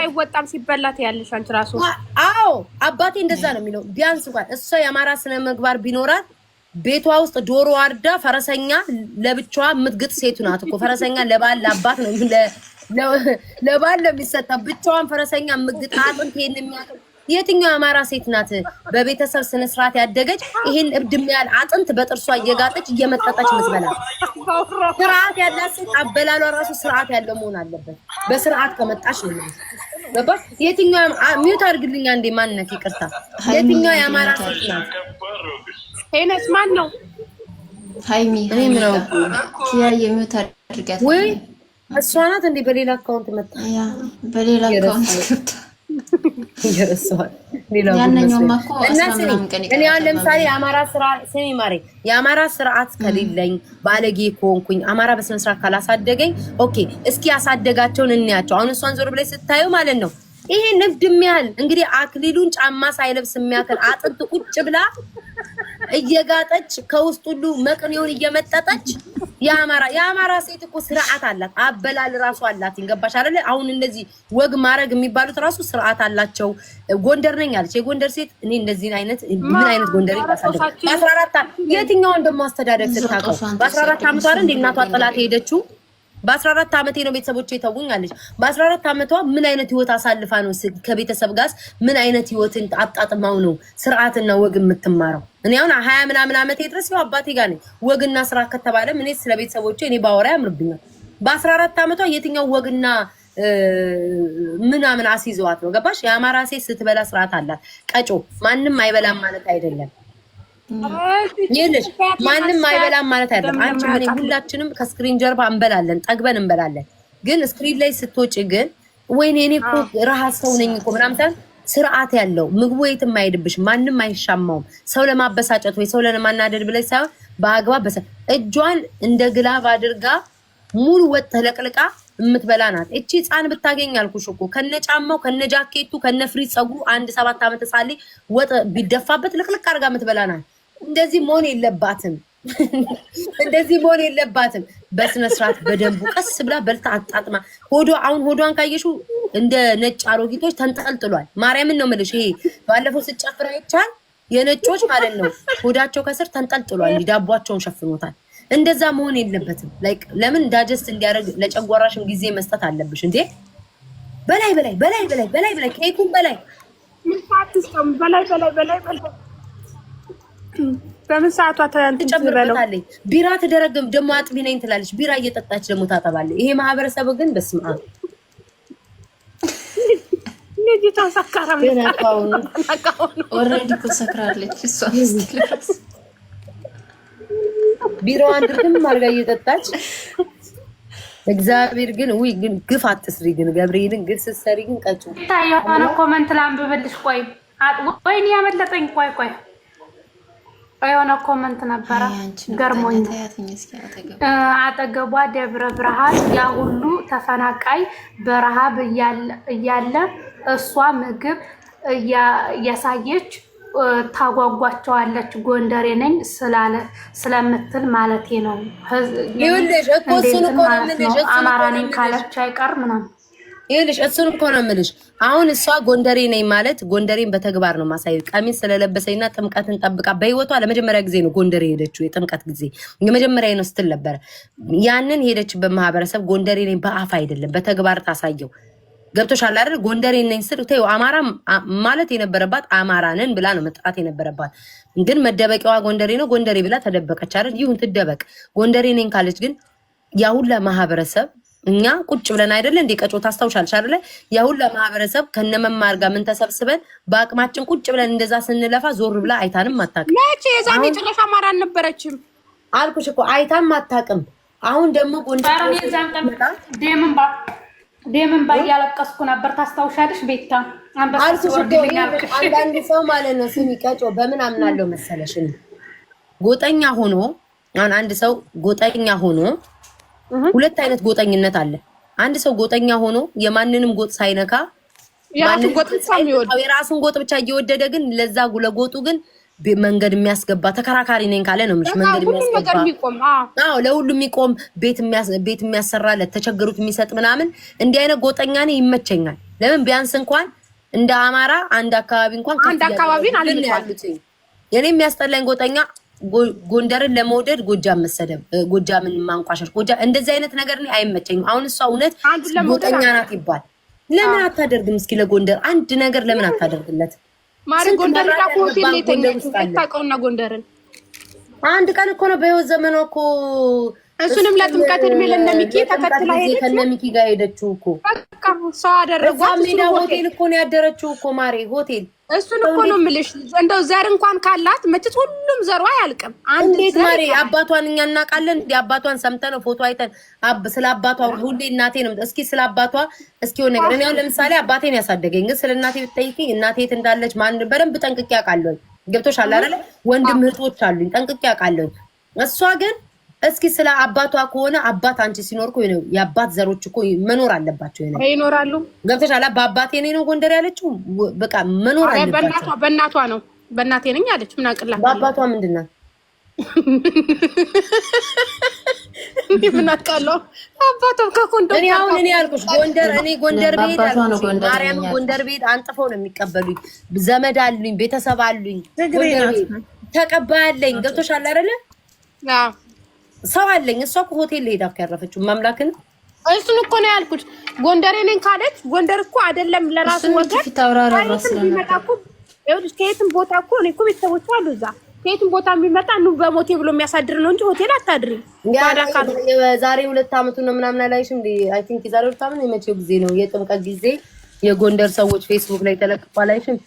አይወጣም ሲበላት ያለሽ አንቺ ራሱ። አዎ አባቴ እንደዛ ነው የሚለው። ቢያንስ እንኳን እሷ የአማራ ስነ ምግባር ቢኖራት ቤቷ ውስጥ ዶሮ አርዳ ፈረሰኛ ለብቻዋ የምትግጥ ሴቱ ናት እኮ። ፈረሰኛ ለባል ለአባት ነው ለባል ለሚሰጣ ብቻዋን ፈረሰኛ የምትግጥ አጥንት ይሄን የትኛው አማራ ሴት ናት በቤተሰብ ስነ ስርዓት ያደገች ይሄን እብድ የሚያል አጥንት በጥርሷ እየጋጠች እየመጠጠች ምትበላ? ስርዓት ያላት ሴት አበላሏ ራሱ ስርዓት ያለው መሆን አለበት። በስርዓት ከመጣች ነው ገባ። የትኛው ሚውት አድርግልኛ እንዴ ማንነት ይቅርታ። የትኛው የአማራ ሴት ናት? ሄነስ ማን ነው? ሃይሚ እኔ ምነው ያ የሚውት አድርጋት ወይ እሷ ናት እንዴ? በሌላ አካውንት መጣ ያ በሌላ አካውንት እኔ አሁን ለምሳሌ የአማራ ስርዓት ስሚ ማሬ፣ የአማራ ስርዓት ከሌለኝ ባለጌ ከሆንኩኝ አማራ በስነ ስርዓት ካላሳደገኝ፣ ኦኬ እስኪ ያሳደጋቸውን እንያቸው። አሁን እሷን ዞር ብለሽ ስታዩ ማለት ነው ይሄ ንፍድ የሚያህል እንግዲህ አክሊሉን ጫማ ሳይለብስ የሚያክል አጥንት ቁጭ ብላ እየጋጠች ከውስጥ ሁሉ መቅኔውን እየመጠጠች የአማራ የአማራ ሴት እኮ ስርዓት አላት። አበላል ራሱ አላት። ገባሽ አይደለ? አሁን እነዚህ ወግ ማድረግ የሚባሉት ራሱ ስርዓት አላቸው። ጎንደር ነኝ አለች የጎንደር ሴት። እኔ እንደዚህን አይነት ምን አይነት ጎንደር ይባሳለ በአስራ አራት የትኛውን ደግሞ አስተዳደግ ስታቀው በአስራ አራት አመቷ እንደ እናቷ ጥላት ሄደችው በ14 ዓመቴ ነው ቤተሰቦች የተውኝ አለች ዓመቷ ምን አይነት ህይወት አሳልፋ ነው ከቤተሰብ ጋር ምን አይነት ህይወትን አጣጥማው ነው ስርዓትና ወግ የምትማረው? እኔ አሁን ሀያ ምናምን ዓመቴ ድረስ ያው አባቴ ጋር ነኝ። ወግና ስራ ከተባለ እኔ ስለ ቤተሰቦቼ እኔ ባወራ ያምርብኛል። ዓመቷ የትኛው ወግና ምናምን አስይዘዋት ነው ገባሽ? የአማራ ሴት ስትበላ ስርዓት አላት። ቀጮ ማንም አይበላም ማለት አይደለም። ይልሽ ማንም አይበላም ማለት አይደለም። አንቺ ምን ሁላችንም ከስክሪን ጀርባ እንበላለን፣ ጠግበን እንበላለን። ግን ስክሪን ላይ ስትወጪ ግን ወይኔ እኔ እኮ ረሃት ሰው ነኝ እኮ ምናምን ስርዓት ያለው ምግቡ የት አይሄድብሽ፣ ማንም አይሻማውም። ሰው ለማበሳጨት ወይ ሰው ለማናደድ ብለሽ ሳይሆን በአግባብ በሰ እጇን እንደ ግላብ አድርጋ ሙሉ ወጥ ተለቅልቃ የምትበላ ናት እቺ ህፃን። ብታገኝ አልኩሽ እኮ ከነ ጫማው ከነ ጃኬቱ ከነ ፍሪ ፀጉሩ አንድ ሰባት ዓመት ህፃን ወጥ ቢደፋበት ልቅልቅ አድርጋ የምትበላ ናት። እንደዚህ መሆን የለባትም እንደዚህ መሆን የለባትም። በስነስርዓት በደንቡ ቀስ ብላ በልታ አጣጥማ ሆዶ አሁን ሆዷን ካየሹ እንደ ነጭ አሮጊቶች ተንጠልጥሏል። ማርያምን ነው የምልሽ። ይሄ ባለፈው ስጨፍር አይቻል የነጮች ማለት ነው ሆዳቸው ከስር ተንጠልጥሏል። ዳቧቸውን ሸፍኖታል። እንደዛ መሆን የለበትም። ላይክ ለምን ዳጀስት እንዲያደርግ ለጨጓራሽም ጊዜ መስጠት አለብሽ እንዴ። በላይ በላይ በላይ በላይ በላይ በላይ በላይ ምን ፋትስ በላይ በላይ በላይ በላይ በምን ሰዓቷ ትጨምርበታለች። ቢራ ትደረግም ደግሞ አጥቢ ነኝ ትላለች። ቢራ እየጠጣች ደግሞ ታጠባለች። ይሄ ማህበረሰቡ ግን በስመ አብ ሰክራለች። ቢራዋን ድርግም አድርጋ እየጠጣች እግዚአብሔር ግን ውይ ግን ግፍ አትስሪ ግን ገብርኤልን ግፍ ስትሰሪ ግን ቀጭ የሆነ ኮመንት ላንብብልሽ። ቆይ ወይኔ ያመለጠኝ ቆይ ቆይ የሆነ ኮመንት ነበረ ገርሞኝ አጠገቧ ደብረ ብርሃን ያ ሁሉ ተፈናቃይ በረሃብ እያለ እሷ ምግብ እያሳየች ታጓጓቸዋለች። ጎንደሬ ነኝ ስለምትል ማለቴ ነው። እኮ እኮ እሱን አማራ ነኝ ካለች አይቀር ምናምን ይኸውልሽ እሱን እኮ ነው የምልሽ። አሁን እሷ ጎንደሬ ነኝ ማለት ጎንደሬን በተግባር ነው ማሳየት። ቀሚስ ስለለበሰኝና ጥምቀትን ጠብቃ በህይወቷ ለመጀመሪያ ጊዜ ነው ጎንደሬ ሄደችው። የጥምቀት ጊዜ የመጀመሪያ ነው ስትል ነበረ። ያንን ሄደችበት ማህበረሰብ ጎንደሬ ነኝ በአፍ አይደለም በተግባር ታሳየው። ገብቶሻል አይደል? ጎንደሬ ነኝ ስል ተይው። አማራ ማለት የነበረባት አማራንን ብላ ነው መጥራት የነበረባት። ግን መደበቂያዋ ጎንደሬ ነው ጎንደሬ ብላ ተደበቀች አይደል? ይሁን ትደበቅ። ጎንደሬ ነኝ ካለች ግን ያ ሁላ ማህበረሰብ እኛ ቁጭ ብለን አይደለ እንዲ ቀጮ ታስታውሻለሽ አይደለ? ያሁን ለማህበረሰብ ማህበረሰብ ከነመማር ጋር ምን ተሰብስበን በአቅማችን ቁጭ ብለን እንደዛ ስንለፋ ዞር ብላ አይታንም አታውቅም። መቼ የዛኔ ጭራሽ አማራ አልነበረችም አልኩሽ እኮ አይታን አታውቅም። አሁን ደግሞ ጎንደር የዛን ቀን ደምን ባ ደምን ባ እያለቀስኩ ነበር። ታስታውሻለሽ? ቤታ አልኩሽ እኮ አንዳንድ ሰው ማለት ነው ስሚ ቀጮ በምን አምናለው መሰለሽ ጎጠኛ ሆኖ አሁን አንድ ሰው ጎጠኛ ሆኖ ሁለት አይነት ጎጠኝነት አለ። አንድ ሰው ጎጠኛ ሆኖ የማንንም ጎጥ ሳይነካ የራሱን ጎጥ ብቻ እየወደደ ግን ለዛ ለጎጡ ግን መንገድ የሚያስገባ ተከራካሪ ነኝ ካለ ነው ምንሽ መንገድ የሚያስገባ አዎ፣ ለሁሉ የሚቆም ቤት የሚያሰራ ለተቸገሩት የሚሰጥ ምናምን እንዲህ አይነት ጎጠኛ ነኝ ይመቸኛል። ለምን ቢያንስ እንኳን እንደ አማራ አንድ አካባቢ እንኳን አንድ አካባቢን አለ ያሉት። የኔ የሚያስጠላኝ ጎጠኛ ጎንደርን ለመውደድ ጎጃም መሰደብ፣ ጎጃምን ማንቋሸሽ፣ ጎጃም እንደዚህ አይነት ነገር እኔ አይመቸኝም። አሁን እሷ እውነት ጎጠኛ ናት ይባል ለምን አታደርግም? እስኪ ለጎንደር አንድ ነገር ለምን አታደርግለት? ማሪ ጎንደር ላይ ሆቴል የተኛችው ጎንደርን አንድ ቀን እኮ ነው በህይወት ዘመኗ እኮ እሱንም ለጥምቀት እድሜ ለነሚኪ ተከትላ ሄደች። ከነሚኪ ጋር ሄደችው እኮ በቃ ሰው አደረጓት። ሜዳ ሆቴል እኮ ነው ያደረችው እኮ ማሬ ሆቴል እሱን እኮ ነው የምልሽ። እንደው ዘር እንኳን ካላት መችት ሁሉም ዘሩ አያልቅም። እንዴት ማሪ አባቷን እኛ እናውቃለን። እንዲ አባቷን ሰምተን ፎቶ አይተን አብ ስለ አባቷ ሁሌ እናቴ ነው። እስኪ ስለ አባቷ እስኪ ሆነ ነገር እኔ ለምሳሌ አባቴን ያሳደገኝ ግን ስለ እናቴ ብትጠይቂኝ እናቴ የት እንዳለች ማን በደንብ ጠንቅቄ አውቃለሁ። ገብቶሻል አይደለ? ወንድም እህቶች አሉኝ ጠንቅቄ አውቃለሁ። እሷ ግን እስኪ ስለ አባቷ ከሆነ አባት አንቺ ሲኖር እኮ የአባት ዘሮች እኮ መኖር አለባቸው ይኖራሉ። ገብተሻል? በአባቴ ነኝ ነው ጎንደር ያለችው። በቃ መኖር አለባቸው። በእናቷ ነው በእናቴ ነኝ አለች። ምን አቅላ በአባቷ ምንድን ነው ምን አውቃለሁ። አባቷ ከጎንደር እኔ አሁን እኔ ያልኩሽ ጎንደር እኔ ጎንደር ቤት ያልኩሽ ጎንደር ቤት አንጥፈው ነው የሚቀበሉኝ። ዘመድ አሉኝ፣ ቤተሰብ አሉኝ፣ ተቀባይ አለኝ። ገብቶሻል አይደለ? ሰው አለኝ። እሷ እኮ ሆቴል ሄዳ እኮ ያረፈችው ማምላክን። እሱን እኮ ነው ያልኩት። ጎንደሬ ነኝ ካለች ጎንደር እኮ አይደለም ለራሱ ወገን ከየትም ቦታ እኮ እኔ እኮ ቤተሰቦች አሉ እዛ ከየትም ቦታ የሚመጣ ኑ በሞቴ ብሎ የሚያሳድር ነው እንጂ ሆቴል አታድሪ። ዛሬ ሁለት አመቱ ነው ምናምን አላይሽም? አይ ቲንክ ዛሬ ሁለት አመት የመቼው ጊዜ ነው የጥምቀት ጊዜ የጎንደር ሰዎች ፌስቡክ ላይ ተለቅቋል። አላይሽም?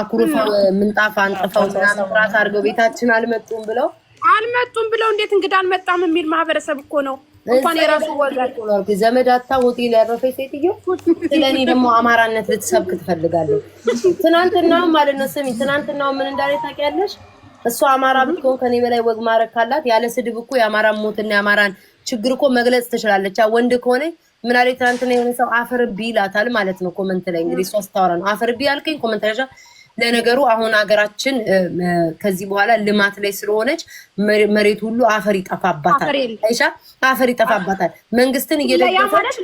አኩርፈው ምንጣፍ አንጥፈው ምናምን ራስ አድርገው ቤታችን አልመጡም ብለው አልመጡም ብለው እንዴት እንግዳ አልመጣም የሚል ማህበረሰብ እኮ ነው። እንኳን የራሱ ወጋል ዘመድ አታውቂ ያረፈች ሴትዮ ስለኔ ደግሞ አማራነት ልትሰብክ ትፈልጋለሁ። ትናንትና ማለት ነው ስሚ፣ ትናንትና ምን እንዳለ ታውቂያለሽ? እሷ አማራ ብትሆን ከኔ በላይ ወግ ማድረግ ካላት ያለ ስድብ እኮ የአማራን ሞትና የአማራን ችግር እኮ መግለጽ ትችላለች። ወንድ ከሆነ ምን አለ ትናንትና የሆነ ሰው አፈር ቢ ይላታል ማለት ነው ኮመንት ላይ እንግዲህ እሷ ስታወራ ነው አፈር ቢ ያልከኝ ኮመንት ላይ ለነገሩ አሁን ሀገራችን ከዚህ በኋላ ልማት ላይ ስለሆነች መሬት ሁሉ አፈር ይጠፋባታል፣ አፈር ይጠፋባታል። መንግስትን እየደገፈች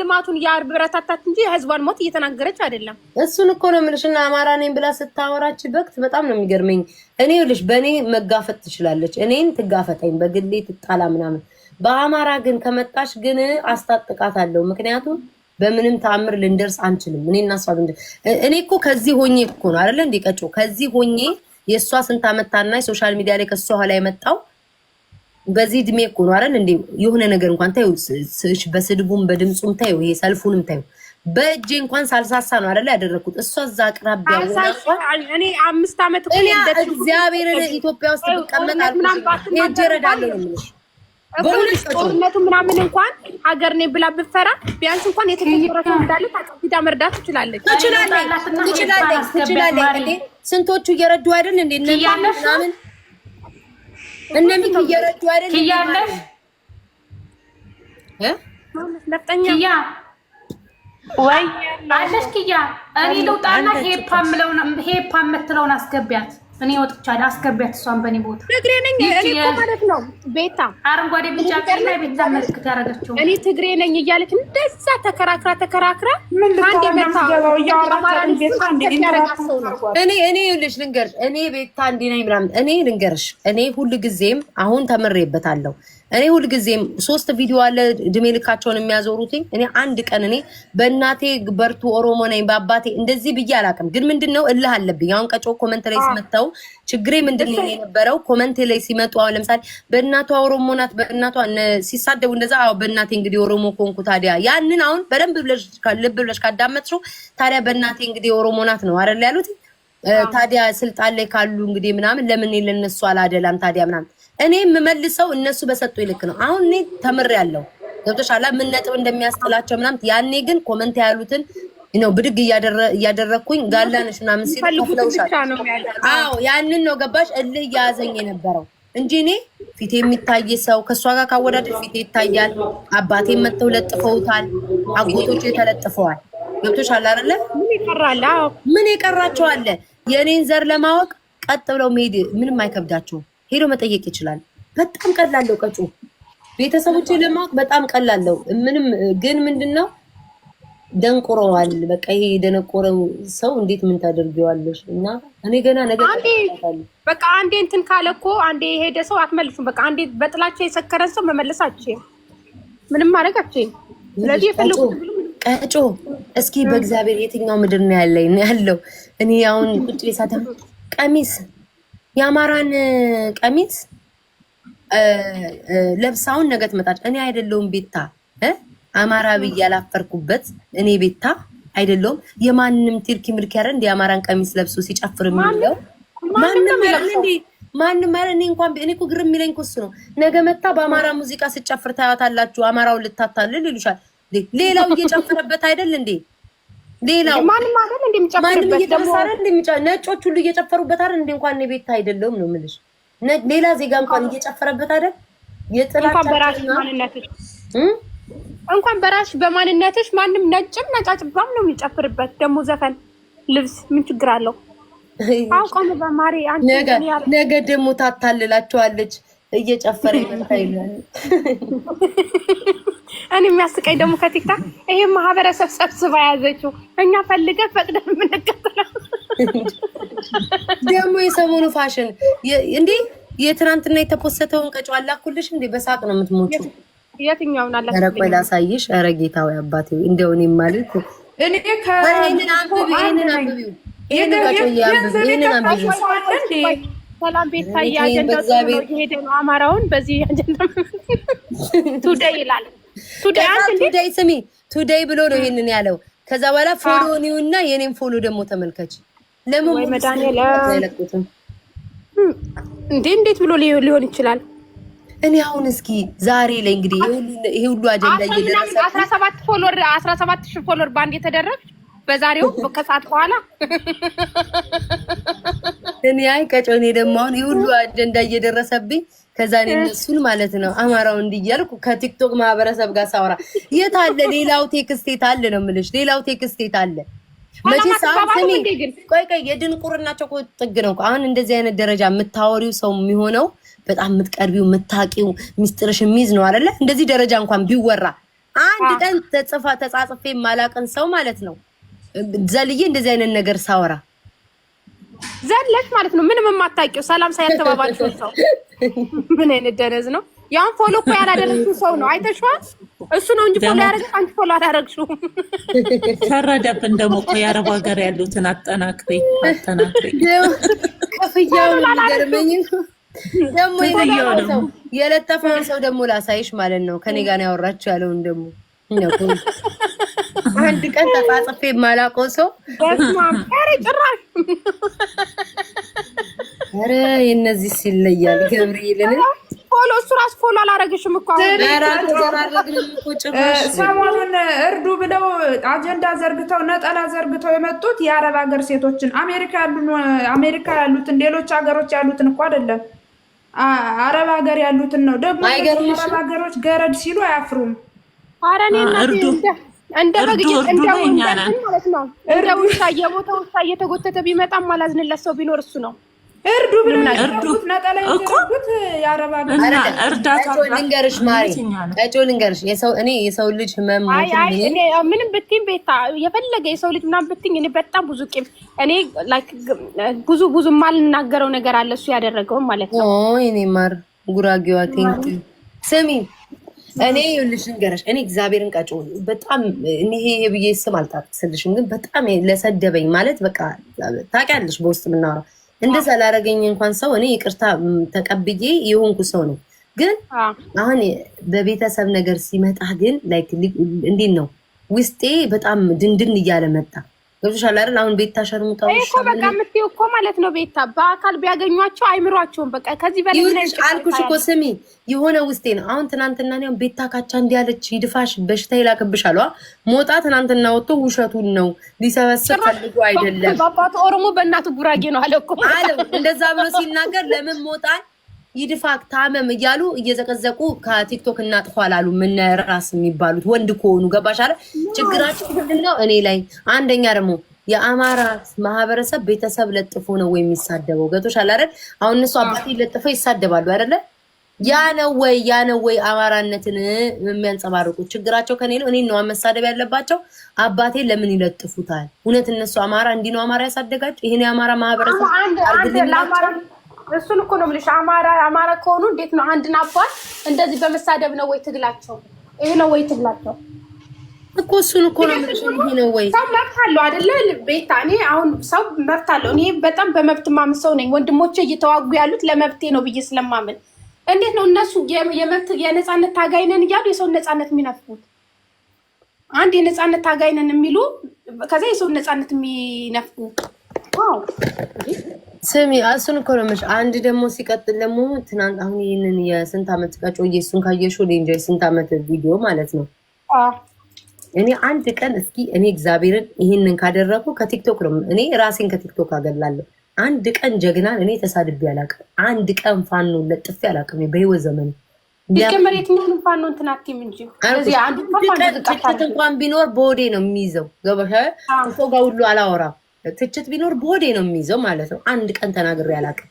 ልማቱን ያበረታታት እንጂ የህዝቧን ሞት እየተናገረች አይደለም። እሱን እኮ ነው የምልሽ። እና አማራ ነኝ ብላ ስታወራች በቅት በጣም ነው የሚገርመኝ። እኔ ልሽ በእኔ መጋፈጥ ትችላለች፣ እኔን ትጋፈጠኝ፣ በግሌ ትጣላ ምናምን። በአማራ ግን ከመጣሽ ግን አስታጥቃታለሁ ምክንያቱም በምንም ተአምር ልንደርስ አንችልም። እኔ እና እሷ እኔ እኮ ከዚህ ሆኜ እኮ ነው አይደለ እንዴ ቀጮ፣ ከዚህ ሆኜ የእሷ ስንት አመታና ታናሽ ሶሻል ሚዲያ ላይ ከእሷ ኋላ የመጣው በዚህ እድሜ እኮ ነው አይደል እንዴ። የሆነ ነገር እንኳን ታዩ፣ በስድቡም በድምፁም ታዩ፣ ይሄ ሰልፉንም ታዩ። በእጄ እንኳን ሳልሳሳ ነው አይደል ያደረግኩት። እሷ እዛ አቅራቢያ እኔ አምስት ዓመት እግዚአብሔርን ኢትዮጵያ ውስጥ ብቀመጥ እጄ እረዳለሁ ነው ጦርነቱ ምናምን እንኳን ሀገር ነኝ ብላ ብፈራ ቢያንስ እንኳን የተገኘረቱ እንዳለ ታቀፊዳ መርዳት ትችላለች ትችላለች ስንቶቹ እየረዱ አይደል? እንዴ? ምናምን እነሚክ እየረዱ አይደል? እያለሽ ነፍጠኛ ወይ አለሽ ክያ እኔ ልውጣና ሄፓ የምትለውን አስገቢያት እኔ ወጥቻለሁ። አስገቢያት እሷን በእኔ ቦታ ትግሬ ነኝ እኔ እኮ ማለት ነው። ቤታ አረንጓዴ ቢጫ ቀይ ላይ ቤታ ምልክት ያደረገችው እኔ ትግሬ ነኝ እያለች እንደዛ ተከራክራ ተከራክራ ምን እኔ እኔ ይኸውልሽ ልንገርሽ እኔ ቤታ እንዲህ ነኝ ምናምን እኔ ልንገርሽ እኔ ሁሉ ጊዜም አሁን ተምሬበታለሁ እኔ ሁልጊዜም ሶስት ቪዲዮ አለ እድሜ ልካቸውን የሚያዞሩትኝ። እኔ አንድ ቀን እኔ በእናቴ በርቱ ኦሮሞ ነኝ በአባቴ እንደዚህ ብዬ አላውቅም። ግን ምንድን ነው እልህ አለብኝ። አሁን ቀጮ ኮመንት ላይ ሲመታው ችግሬ ምንድን ነው የነበረው ኮመንቴ ላይ ሲመጡ፣ አሁን ለምሳሌ በእናቷ ኦሮሞ ናት በእናቷ ሲሳደቡ እንደዛ፣ አዎ በእናቴ እንግዲህ ኦሮሞ ኮንኩ ታዲያ። ያንን አሁን በደንብ ልብ ብለሽ ካዳመጥሽው ታዲያ በእናቴ እንግዲህ ኦሮሞ ናት ነው አይደል ያሉት። ታዲያ ስልጣን ላይ ካሉ እንግዲህ ምናምን ለምን ለነሱ አላደላም ታዲያ ምናምን እኔ የምመልሰው እነሱ በሰጡ ይልክ ነው። አሁን እኔ ተምሬያለሁ። ገብቶሻል። ምን ነጥብ እንደሚያስጥላቸው ምናምን። ያኔ ግን ኮመንት ያሉትን ነው ብድግ እያደረግኩኝ ጋላነሽ ምናምን ሲል ለውሻል። ያንን ነው ገባሽ? እልህ እያያዘኝ የነበረው እንጂ እኔ ፊቴ የሚታይ ሰው ከእሷ ጋር ካወዳደር ፊቴ ይታያል። አባቴ መጥተው ለጥፈውታል። አጎቶቼ ተለጥፈዋል። ገብቶሻል አይደለ? ምን ይቀራቸዋል? የእኔን ዘር ለማወቅ ቀጥ ብለው መሄድ ምንም አይከብዳቸውም። ሄዶ መጠየቅ ይችላል። በጣም ቀላለው። ቀጩ ቤተሰቦች ለማወቅ በጣም ቀላለው። ምንም ግን ምንድን ነው ደንቁረዋል። በቃ ይሄ የደነቆረው ሰው እንዴት ምን ታደርጊዋለሽ? እና እኔ ገና ነገር በቃ አንዴ እንትን ካለ እኮ አንዴ የሄደ ሰው አትመልሱም። በቃ አንዴ በጥላቸው የሰከረን ሰው መመለሳች? ምንም ማድረጋችሁ። ስለዚህ የፈለጉ ቀጮ እስኪ በእግዚአብሔር የትኛው ምድር ነው ያለው? እኔ አሁን ቁጭ ሳተ ቀሚስ የአማራን ቀሚስ ለብሳውን ነገ ትመጣች። እኔ አይደለውም ቤታ አማራ ብዬ ያላፈርኩበት እኔ ቤታ አይደለውም። የማንም ቲርኪ ምልክ ያረ እንዲ የአማራን ቀሚስ ለብሶ ሲጨፍር የሚለው ማንም ያለ ማንም ያለ እኔ እንኳን እኔ እኮ ግርም የሚለኝ እኮ እሱ ነው። ነገ መታ በአማራ ሙዚቃ ስጨፍር ታያታላችሁ። አማራውን ልታታልል ይሉሻል። ሌላው እየጨፈረበት አይደል እንዴ? ሌላው ማንም አይደል እንደሚጨፈርበት ደግሞ ነጮች ሁሉ እየጨፈሩበት አይደል? እንደ እንኳን ቤት አይደለም ነው የምልሽ። ሌላ ዜጋ እንኳን እየጨፈረበት አይደል? የጥላቻ እንኳን በራሽ በማንነትሽ ማንም ነጭም ነጫጭባም ነው የሚጨፍርበት። ደግሞ ዘፈን፣ ልብስ ምን ችግር አለው? አውቀው በማሪ አንቺ ነገ ደግሞ ታታልላቸዋለች። እየጨፈረ እኔ የሚያስቀኝ ደግሞ ከቲክታክ ይሄ ማህበረሰብ ሰብስባ ያዘችው እኛ ፈልገ ፈቅደ የምንከተለው ደግሞ የሰሞኑ ፋሽን እንዴ የትናንትና የተፖሰተውን ቀጫው አላኩልሽ እንዴ? በሳቅ ነው የምትሞቹ። የትኛውን አላኩልሽ? ኧረ ቆይ ላሳይሽ። ኧረ ጌታዊ አባቴ እንደው እኔ ማለት እኔ ከ ሰላም ቤት ታየ አጀንዳ እየሄደ ነው። አማራውን በዚህ አጀንዳ ቱደይ ይላል። ቱደይ ስሚ ቱደይ ብሎ ነው ይሄንን ያለው። ከዛ በኋላ ፎሎ ኒው እና የኔን ፎሎ ደግሞ ተመልከች። ለምን አይለቁትም እንዴ? እንዴት ብሎ ሊሆን ይችላል? እኔ አሁን እስኪ ዛሬ ላይ እንግዲህ ይሄ ሁሉ አጀንዳ እየደረሰ አስራ ሰባት ፎሎወር አስራ ሰባት ሺህ ፎሎወር ባንድ የተደረግሽ በዛሬው ከሰዓት በኋላ እኔ አይ ቀጮ እኔ ደግሞ አሁን የሁሉ አጀንዳ እየደረሰብኝ ከዛ እኔ እነሱን ማለት ነው አማራው እንዲያልኩ ከቲክቶክ ማህበረሰብ ጋር ሳውራ የት አለ ሌላው ቴክስቴት አለ ነው የምልሽ። ሌላው ቴክስቴት አለ መቼ ሰዓት ስሚ፣ ቆይ ቆይ የድንቁርናቸው እኮ ጥግ ነው። አሁን እንደዚህ አይነት ደረጃ የምታወሪው ሰው የሚሆነው በጣም የምትቀርቢው የምታቂው ሚስጥርሽ የሚይዝ ነው አይደለ? እንደዚህ ደረጃ እንኳን ቢወራ አንድ ቀን ተጽፋ ተጻጽፌ የማላቅን ሰው ማለት ነው ዘልዬ እንደዚህ አይነት ነገር ሳወራ ዘለሽ ማለት ነው። ምንም የማታውቂው ሰላም ሳያተባባችሁ ሰው ምን አይነት ደነዝ ነው? ያን ፎሎ እኮ ያላደረግሽው ሰው ነው። አይተሽዋል። እሱ ነው እንጂ ፎሎ ያደረግሽ አንቺ ፎሎ አላደረግሽውም። ፈረደብን ደግሞ እኮ የአረብ ሀገር ያሉትን አጠናክሬ አጠናክሬ ከፍያውን ገርመኝ ደግሞ የለጠፈውን ሰው ደግሞ ላሳይሽ ማለት ነው። ከኔ ጋር ያወራችሁ ያለውን ደግሞ አንድ ቀን ተጻጽፌ የማላውቀው ሰው ጭራሽ ኧረ የእነዚህ ሲለያል ገብርኤልን ፎሎ እሱ ራሱ ፎሎ አላረግሽም እኮ ሰሞኑን እርዱ ብለው አጀንዳ ዘርግተው ነጠላ ዘርግተው የመጡት የአረብ ሀገር ሴቶችን አሜሪካ አሜሪካ ያሉትን ሌሎች ሀገሮች ያሉትን እኮ አይደለም፣ አረብ ሀገር ያሉትን ነው ደግሞ። አረብ ሀገሮች ገረድ ሲሉ አያፍሩም። ኧረ እኔ እናቴ እንደ በግ እንደ ማለት ነው እንደ ውሻ ውሻ እየተጎተተ ቢመጣም አላዝንለት ሰው ቢኖር እሱ ነው። እርዱ ብለእርዳታልንገርሽ ማጮ ልንገርሽ እኔ የሰው ልጅ ህመም ምንም ብትይኝ ቤታ የፈለገ የሰው ልጅ ምናምን እኔ በጣም ብዙ ቂም እኔ ብዙ ብዙ ማልናገረው ነገር አለ እሱ ያደረገውን ማለት ነው። ማር ጉራጌዋ ስሚ እኔ ይኸውልሽ ንገረሽ እኔ እግዚአብሔርን ቀጮ በጣም ይሄ ብዬ ስም አልጣቅስልሽም፣ ግን በጣም ለሰደበኝ ማለት በቃ ታውቂያለሽ፣ በውስጥ የምናወራው እንደዛ ላደረገኝ እንኳን ሰው እኔ ይቅርታ ተቀብዬ የሆንኩ ሰው ነው። ግን አሁን በቤተሰብ ነገር ሲመጣ ግን ላይክ እንዴት ነው ውስጤ በጣም ድንድን እያለ መጣ። ገብቶሻል አይደል? አሁን ቤታ ሸርሙጣ እኮ በቃ የምትይው እኮ ማለት ነው። ቤታ በአካል ቢያገኟቸው አይምሯቸውም። በቃ ከዚህ በላይ አልኩሽ እኮ ስሚ፣ የሆነ ውስጤ ነው። አሁን ትናንትና ነው ቤታ ካቻ እንዲህ ያለች ይድፋሽ፣ በሽታ ይላክብሽ አሏ። ሞጣ ትናንትና ወጥቶ ውሸቱን ነው ሊሰበሰብ ፈልጎ አይደለም። በአባቱ ኦሮሞ በእናቱ ጉራጌ ነው አለ እኮ አለ። እንደዛ ብሎ ሲናገር ለምን ሞጣን ይድፋክ ታመም እያሉ እየዘቀዘቁ ከቲክቶክ እናጥፏል አሉ። ምነ ራስ የሚባሉት ወንድ ከሆኑ ገባሽ አለ። ችግራቸው ምንድነው? እኔ ላይ አንደኛ ደግሞ የአማራ ማህበረሰብ ቤተሰብ ለጥፎ ነው ወይ የሚሳደበው? ገቶች አለ አይደል? አሁን እነሱ አባቴ ለጥፎ ይሳደባሉ አይደለ? ያ ነው ወይ ያ ነው ወይ አማራነትን የሚያንጸባርቁት? ችግራቸው ከኔ ነው። እኔን ነው መሳደብ ያለባቸው። አባቴ ለምን ይለጥፉታል? እውነት እነሱ አማራ እንዲህ ነው አማራ ያሳደጋቸው? ይህን የአማራ ማህበረሰብ እሱን እኮ ነው የምልሽ። አማራ አማራ ከሆኑ እንዴት ነው አንድን አባት እንደዚህ በመሳደብ ነው ወይ ትግላቸው? ይሄ ነው ወይ ትግላቸው? እኮ እሱን እኮ ነው የምልሽ። ይሄ ነው ወይ ሰው መብት አለው አይደለ? ቤታ እኔ አሁን ሰው መብት አለው። እኔ በጣም በመብት ማምን ሰው ነኝ። ወንድሞቼ እየተዋጉ ያሉት ለመብቴ ነው ብዬ ስለማምን እንዴት ነው እነሱ የመብት የነፃነት ታጋይ ነን እያሉ የሰውን ነፃነት የሚነፍጉት? አንድ የነፃነት ታጋይ ነን የሚሉ ከዚያ የሰውን ነፃነት የሚነፍጉ ስሚ እሱን እኮ ነው የምልሽ። አንድ ደግሞ ሲቀጥል ደግሞ ትናንት አሁን ይህንን የስንት ዓመት ቀጮ እየሱን ካየሽው ሌንጃ ስንት ዓመት ቪዲዮ ማለት ነው። እኔ አንድ ቀን እስኪ እኔ እግዚአብሔርን ይህንን ካደረኩ ከቲክቶክ ነው እኔ ራሴን ከቲክቶክ አገላለሁ። አንድ ቀን ጀግናን እኔ ተሳድቤ አላውቅም። አንድ ቀን ፋኖ ለጥፌ አላውቅም በህይወት ዘመን መሬት ምንም ፋኖ እንትን አትይም እንጂ እንኳን ቢኖር በወዴ ነው የሚይዘው ገበሻ ሰው ጋር ሁሉ አላወራም ትችት ቢኖር ቦዴ ነው የሚይዘው ማለት ነው። አንድ ቀን ተናግሬ አላውቅም።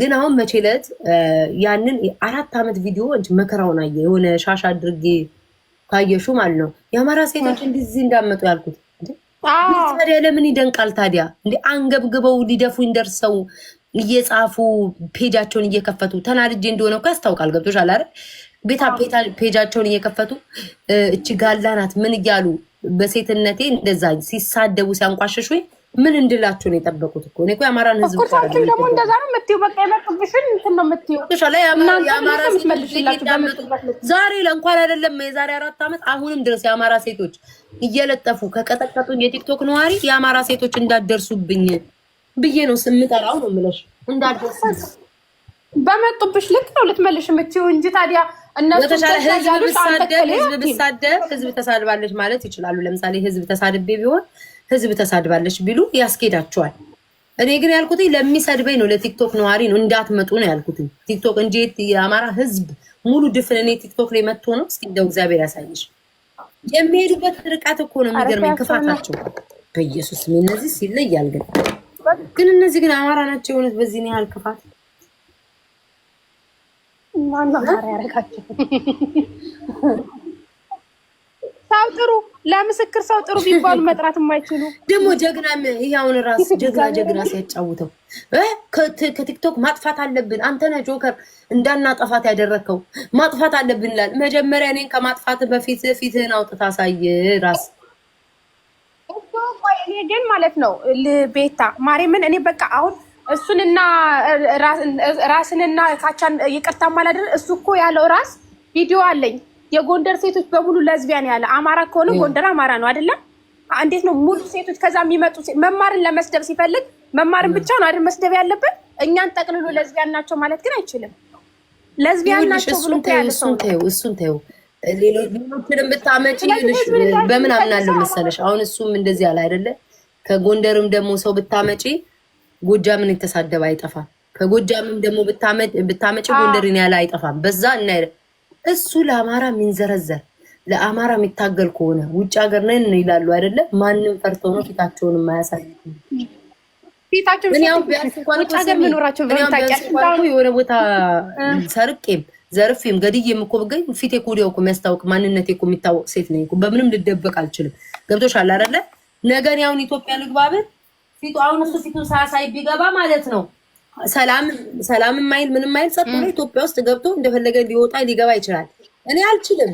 ግን አሁን መቼ ዕለት ያንን አራት ዓመት ቪዲዮ መከራውን አየ የሆነ ሻሻ አድርጌ ካየሹ ማለት ነው የአማራ ሴቶች እንዲዚህ እንዳመጡ ያልኩት ታዲያ ለምን ይደንቃል ታዲያ? እንዲ አንገብግበው ሊደፉ እንደርሰው እየጻፉ ፔጃቸውን እየከፈቱ ተናድጄ እንደሆነ እኮ ያስታውቃል። ገብቶሻል አይደል? ቤታ ፔጃቸውን እየከፈቱ እቺ ምን እያሉ በሴትነቴ እንደዛ ሲሳደቡ ሲያንቋሸሹኝ ምን እንድላችሁ ነው የጠበቁት? እኮ እኔ እኮ የአማራን ህዝብ ኮርሳችን ደግሞ እንደዛ ነው የምትይው። በቃ የመጡብሽን እንትን ነው የምትይው። ዛሬ ለእንኳን አይደለም የዛሬ አራት ዓመት አሁንም ድረስ የአማራ ሴቶች እየለጠፉ ከቀጠቀጡኝ የቲክቶክ ነዋሪ የአማራ ሴቶች እንዳደርሱብኝ ብዬ ነው ስምጠራው ነው የምለሽ። እንዳደርሱ በመጡብሽ ልክ ነው ልትመልሽ የምትይው እንጂ ታዲያ እነሱተሻለ ህዝብ ብሳደብ ህዝብ ብሳደብ ህዝብ ተሳድባለች ማለት ይችላሉ። ለምሳሌ ህዝብ ተሳድቤ ቢሆን ህዝብ ተሳድባለች ቢሉ ያስኬዳቸዋል። እኔ ግን ያልኩት ለሚሰድበኝ ነው፣ ለቲክቶክ ነዋሪ ነው እንዳትመጡ ነው ያልኩት ቲክቶክ እንጂ የአማራ ህዝብ ሙሉ ድፍን እኔ ቲክቶክ ላይ መጥቶ ነው። እስኪ እንደው እግዚአብሔር ያሳይሽ። የሚሄዱበት ርቀት እኮ ነው የሚገርመኝ ክፋታቸው። በኢየሱስ እነዚህ ሲለያል ግን ግን እነዚህ ግን አማራ ናቸው የሆኑት በዚህ ያህል ክፋት ማን ያረጋቸው? ሳብ ጥሩ ለምስክር ሰው ጥሩ ቢባሉ መጥራት የማይችሉ ደግሞ ጀግና ይሁን ራስ ጀግና ጀግና ሲያጫውተው ከቲክቶክ ማጥፋት አለብን። አንተ ነህ ጆከር እንዳናጠፋት ያደረግከው። ማጥፋት አለብን ላል መጀመሪያ እኔን ከማጥፋት በፊት ፊትህን አውጥታ አሳይ ራስ እኔ ግን ማለት ነው ቤታ ማርያምን እኔ በቃ አሁን እሱንና ራስንና ካቻን ይቅርታ ማላደር እሱ እኮ ያለው ራስ ቪዲዮ አለኝ የጎንደር ሴቶች በሙሉ ለዝቢያን ያለ አማራ ከሆነ ጎንደር አማራ ነው አይደለም? እንዴት ነው ሙሉ ሴቶች ከዛ የሚመጡ መማርን ለመስደብ ሲፈልግ መማርን ብቻ ነው አይደል መስደብ ያለብን? እኛን ጠቅልሎ ለዝቢያን ናቸው ማለት ግን አይችልም። ለዝቢያን ናቸው ብሎ ያለ ሰው እሱን ተይው። ሌሎችን ብታመጪ በምን አምናለሁ መሰለሽ? አሁን እሱም እንደዚህ ያለ አይደለ? ከጎንደርም ደግሞ ሰው ብታመጪ ጎጃምን የተሳደበ አይጠፋም። ከጎጃምም ደግሞ ብታመጪ ጎንደርን ያለ አይጠፋም። በዛ እና እሱ ለአማራ የሚንዘረዘር ለአማራ የሚታገል ከሆነ ውጭ ሀገር ነን ይላሉ አይደለ? ማንም ፈርቶ ነው ፊታቸውን የማያሳይ ፊታቸው የሆነ ቦታ ሰርቄም ዘርፌም ገድዬም እኮ ብገኝ ፊቴ እኮ ወዲያው እኮ የሚያስታውቅ ማንነቴ እኮ የሚታወቅ ሴት ነኝ። በምንም ልደበቅ አልችልም። ገብቶሻል አይደለ? ነገን ያሁን ኢትዮጵያ ልግባብን ፊቱ አሁን እሱ ፊቱን ሳያሳይ ቢገባ ማለት ነው ሰላም ማይል ምንም ማይል ጸጥ ብሎ ኢትዮጵያ ውስጥ ገብቶ እንደፈለገ ሊወጣ ሊገባ ይችላል። እኔ አልችልም።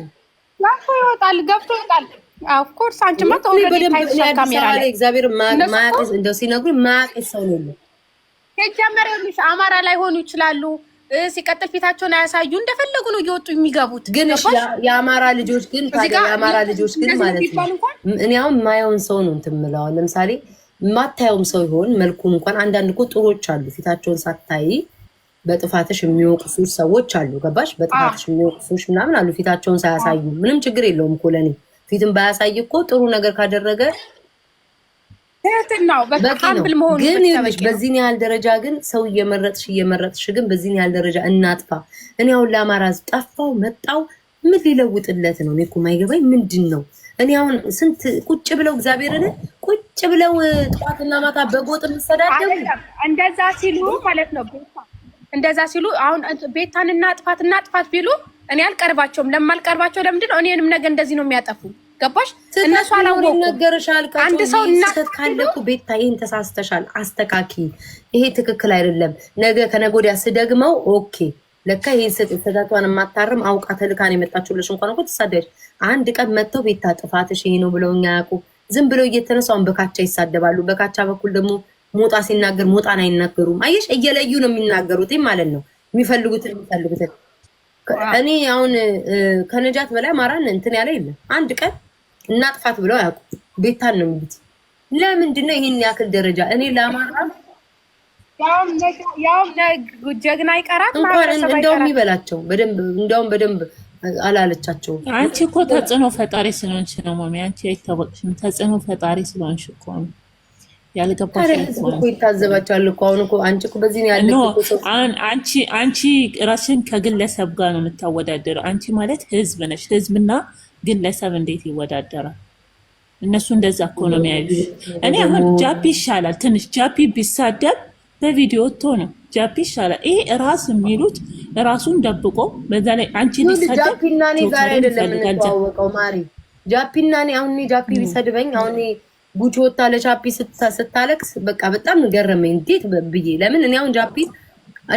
ገብቶ ይወጣል፣ ገብቶ ይወጣል። ኦፍኮርስ አንቺ ተወለደ ታይሽ እግዚአብሔር ማቅ እንደው ሲነግሩ ማቅ ሰው ነው የጀመረ ልጅ አማራ ላይ ሆኑ ይችላሉ። ሲቀጥል ፊታቸውን አያሳዩ እንደፈለጉ ነው እየወጡ የሚገቡት። ግን የአማራ ልጆች ግን የአማራ ልጆች ግን ማለት ነው እኔ አሁን ማየውን ሰው ነው እንትን የምለው ለምሳሌ ማታየውም ሰው ይሆን መልኩ እንኳን አንዳንድ እኮ ጥሮች አሉ። ፊታቸውን ሳታይ በጥፋትሽ የሚወቅሱ ሰዎች አሉ። ገባሽ? በጥፋትሽ የሚወቅሱሽ ምናምን አሉ። ፊታቸውን ሳያሳዩ ምንም ችግር የለውም እኮ ለእኔ ፊትን ባያሳይ እኮ ጥሩ ነገር ካደረገ ግን በዚህን ያህል ደረጃ ግን ሰው እየመረጥሽ እየመረጥሽ ግን በዚህን ያህል ደረጃ እናጥፋ። እኔ አሁን ለአማራ ጠፋው መጣው ምን ሊለውጥለት ነው? እኔ እኮ ማይገባኝ ምንድን ነው እኔ አሁን ስንት ቁጭ ብለው እግዚአብሔርን ቁጭ ብለው ጠዋትና ማታ በጎጥ የምሰዳደው እንደዛ ሲሉ ማለት ነው። እንደዛ ሲሉ አሁን ቤታንና ጥፋትና ጥፋት ቢሉ እኔ አልቀርባቸውም። ለማልቀርባቸው ለምንድን ነው እኔንም ነገ እንደዚህ ነው የሚያጠፉ? ገባሽ? እነሱ አላወቁም። አንድ ሰው እናት ካለኩ ቤታ ይህን ተሳስተሻል፣ አስተካኪ፣ ይሄ ትክክል አይደለም፣ ነገ ከነገ ወዲያ ስደግመው ኦኬ፣ ለካ ይሄን ስህተቷን የማታርም አውቃ ተልካን የመጣችሁልሽ እንኳን እኮ ትሳደች አንድ ቀን መጥተው ቤታ ጥፋትሽ ይሄ ነው ብለው ያውቁ ዝም ብለው እየተነሳውን በካቻ ይሳደባሉ። በካቻ በኩል ደግሞ ሞጣ ሲናገር ሞጣን አይናገሩም። አየሽ እየለዩ ነው የሚናገሩት ማለት ነው። የሚፈልጉትን የሚፈልጉትን እኔ አሁን ከነጃት በላይ ማራን እንትን ያለ የለም። አንድ ቀን እናጥፋት ብለው ያውቁ ቤታን ነው የሚሉት። ለምንድን ነው ይህን ያክል ደረጃ? እኔ ለአማራ ያው ጀግና ይቀራት እንኳን እንደውም ይበላቸው በደንብ እንደውም በደንብ አላለቻቸውም። አንቺ እኮ ተጽዕኖ ፈጣሪ ስለሆንሽ ነው ማሚ። አንቺ አይታወቅሽም። ተጽዕኖ ፈጣሪ ስለሆንሽ እኮ ነው ይታዘባቸዋል እኮ አሁን እኮ አንቺ እኮ በዚህ ያለ አንቺ አንቺ ራስሽን ከግለሰብ ጋር ነው የምታወዳደረው። አንቺ ማለት ህዝብ ነሽ። ህዝብና ግለሰብ እንዴት ይወዳደራል? እነሱ እንደዛ እኮ ነው የሚያዩሽ። እኔ አሁን ጃፒ ይሻላል ትንሽ ጃፒ ቢሳደብ በቪዲዮ እቶ ነው ጃፒ ይሻላል። ይሄ ራስ የሚሉት ራሱን ደብቆ በዛ ላይ አንቺ ጃፒና እኔ ዛሬ አይደለም የምንተዋወቀው ማሪ ጃፒና እኔ አሁን ጃፒ ቢሰድበኝ አሁን ጉቺ ወታ ለጃፒ ስታለቅስ በቃ በጣም ገረመኝ። እንዴት ብዬ ለምን እኔ አሁን ጃፒ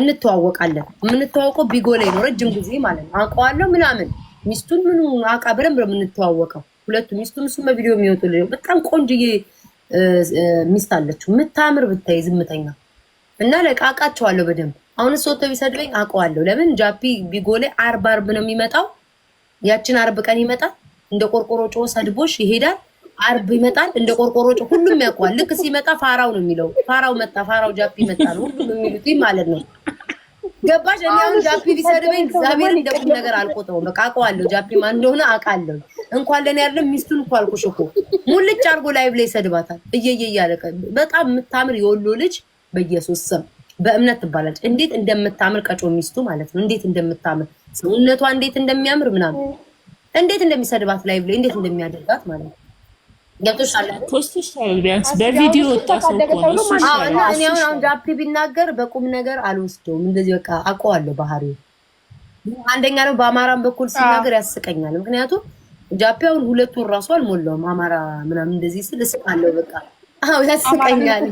እንተዋወቃለን የምንተዋወቀው ቢጎ ላይ ነው ረጅም ጊዜ ማለት ነው አውቀዋለሁ ምናምን ሚስቱን ምኑ አውቃ በደንብ ነው የምንተዋወቀው ሁለቱ ሚስቱን እሱም በቪዲዮ የሚወጡ በጣም ቆንጅዬ ሚስት አለችው የምታምር ብታይ ዝምተኛ እና ለቃቃቸዋለሁ አውቃቸዋለሁ በደንብ። አሁን ሶቶ ቢሰድበኝ አውቀዋለሁ። ለምን ጃፒ ቢጎሌ አርብ አርብ ነው የሚመጣው። ያችን አርብ ቀን ይመጣል እንደ ቆርቆሮ ጮ ሰድቦሽ ይሄዳል። አርብ ይመጣል እንደ ቆርቆሮ ጮ፣ ሁሉም ያውቀዋል። ልክ ሲመጣ ፋራው ነው የሚለው። ፋራው መጣ፣ ፋራው ጃፒ መጣ ነው ሁሉም የሚሉት ማለት ነው። ገባሽ? እኔ አሁን ጃፒ ቢሰድበኝ እግዚአብሔር እንደ ቁም ነገር አልቆጥረውም። በቃ አውቀዋለሁ፣ ጃፒ ማን እንደሆነ አውቃለሁ። እንኳን ለኔ አይደለም ሚስቱን እኮ አልኩሽ እኮ ሙልጭ አርጎ ላይቭ ላይ ይሰድባታል። እየየ እያለቀ በጣም የምታምር የወሎ ልጅ በኢየሱስ ስም በእምነት ትባላለች። እንዴት እንደምታምር ቀጮ ሚስቱ ማለት ነው። እንዴት እንደምታምር ሰውነቷ እንዴት እንደሚያምር ምናምን እንዴት እንደሚሰድባት ላይ ብሎ እንዴት እንደሚያደርጋት ማለት ነው። ጃፒ ቢናገር በቁም ነገር አልወስደውም። እንደዚህ በቃ አውቀዋለሁ ባህሪው። አንደኛ ነው በአማራም በኩል ሲናገር ያስቀኛል። ምክንያቱም ጃፒ አሁን ሁለቱን ራሱ አልሞላውም። አማራ ምናምን እንደዚህ ስል እስቃለሁ። በቃ ያስቀኛል።